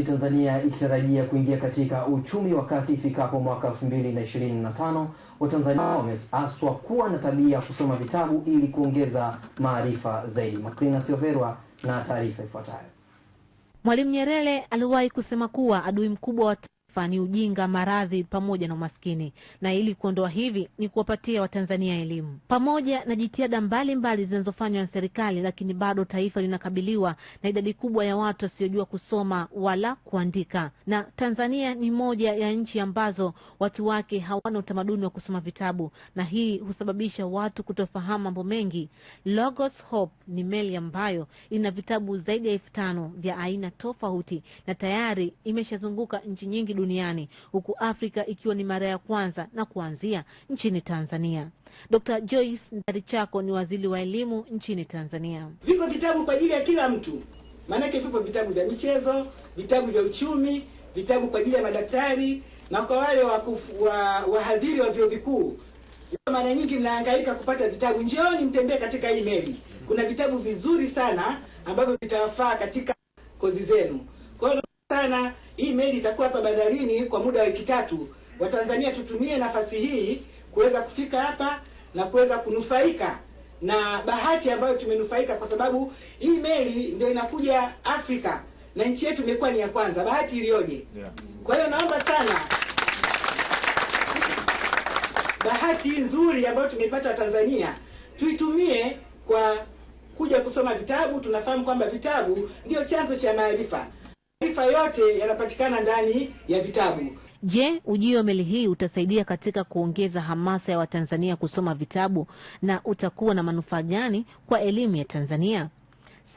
Tanzania ikitarajia kuingia katika uchumi wa kati ifikapo mwaka 2025, Watanzania wameaswa kuwa na tabia ya kusoma vitabu ili kuongeza maarifa zaidi. Makrina Sioverwa na taarifa ifuatayo. Mwalimu Nyerere aliwahi kusema kuwa adui mkubwa wa ni ujinga, maradhi pamoja na umaskini, na ili kuondoa hivi ni kuwapatia Watanzania elimu pamoja na jitihada mbalimbali zinazofanywa na serikali, lakini bado taifa linakabiliwa na idadi kubwa ya watu wasiojua kusoma wala kuandika, na Tanzania ni moja ya nchi ambazo watu wake hawana utamaduni wa kusoma vitabu, na hii husababisha watu kutofahamu mambo mengi. Logos Hope ni meli ambayo ina vitabu zaidi ya elfu tano vya aina tofauti na tayari imeshazunguka nchi nyingi duniani huku Afrika ikiwa ni mara ya kwanza na kuanzia nchini Tanzania. Dr. Joyce Ndarichako ni waziri wa elimu nchini Tanzania. Viko vitabu kwa ajili ya kila mtu, maanake vipo vitabu vya michezo, vitabu vya uchumi, vitabu kwa ajili ya madaktari na kwa wale wahadhiri wa, wa, wa vyuo vikuu mara nyingi mnahangaika kupata vitabu. Njioni mtembee katika hii meli, kuna vitabu vizuri sana ambavyo vitawafaa katika kozi zenu. Kwa hiyo sana hii meli itakuwa hapa bandarini kwa muda wa wiki tatu. Watanzania tutumie nafasi hii kuweza kufika hapa na kuweza kunufaika na bahati ambayo tumenufaika, kwa sababu hii meli ndio inakuja Afrika na nchi yetu imekuwa ni ya kwanza. Bahati iliyoje! Yeah. Kwa hiyo naomba sana bahati nzuri ambayo tumeipata Tanzania tuitumie kwa kuja kusoma vitabu. Tunafahamu kwamba vitabu ndio chanzo cha maarifa maarifa yote yanapatikana ndani ya vitabu. Je, ujio wa meli hii utasaidia katika kuongeza hamasa ya Watanzania kusoma vitabu na utakuwa na manufaa gani kwa elimu ya Tanzania?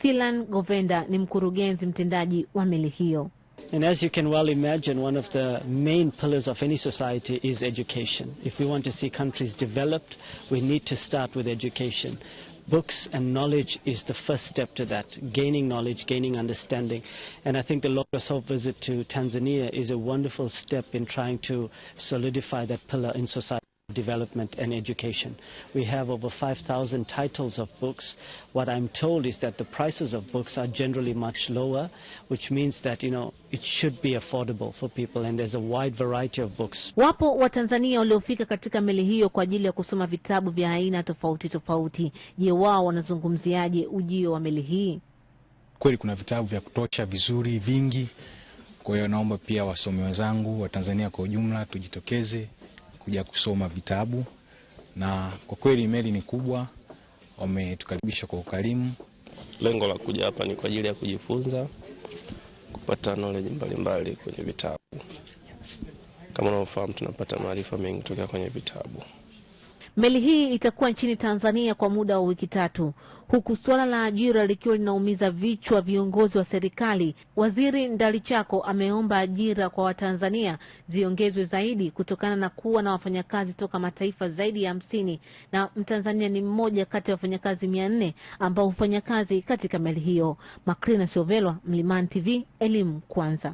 Silan Govenda ni mkurugenzi mtendaji wa meli hiyo. And as you can well imagine, one of the main pillars of any society is education. If we want to see countries developed, we need to start with education. Books and knowledge is the first step to that, gaining knowledge, gaining understanding. And I think the Logos Hope visit to Tanzania is a wonderful step in trying to solidify that pillar in society. development and education. We have over 5,000 titles of books. What I'm told is that the prices of books are generally much lower, which means that, you know, it should be affordable for people and there's a wide variety of books. Wapo wa Tanzania waliofika katika meli hiyo kwa ajili ya kusoma vitabu vya aina tofauti tofauti. Je, wao wanazungumziaje ujio wa meli hii? Kweli kuna vitabu vya kutosha vizuri vingi. Kwa hiyo naomba pia wasomi wenzangu wa Tanzania kwa ujumla tujitokeze kuja kusoma vitabu, na kwa kweli meli ni kubwa, wametukaribisha kwa ukarimu. Lengo la kuja hapa ni kwa ajili ya kujifunza, kupata knowledge mbalimbali kwenye vitabu. Kama unavyofahamu, tunapata maarifa mengi kutokea kwenye vitabu. Meli hii itakuwa nchini Tanzania kwa muda wa wiki tatu, huku suala la ajira likiwa linaumiza vichwa viongozi wa serikali. Waziri Ndalichako ameomba ajira kwa Watanzania ziongezwe zaidi kutokana na kuwa na wafanyakazi toka mataifa zaidi ya hamsini na Mtanzania ni mmoja kati ya wafanyakazi mia nne ambao hufanya kazi katika meli hiyo. Makrina Siovelwa, Mlimani TV, elimu kwanza.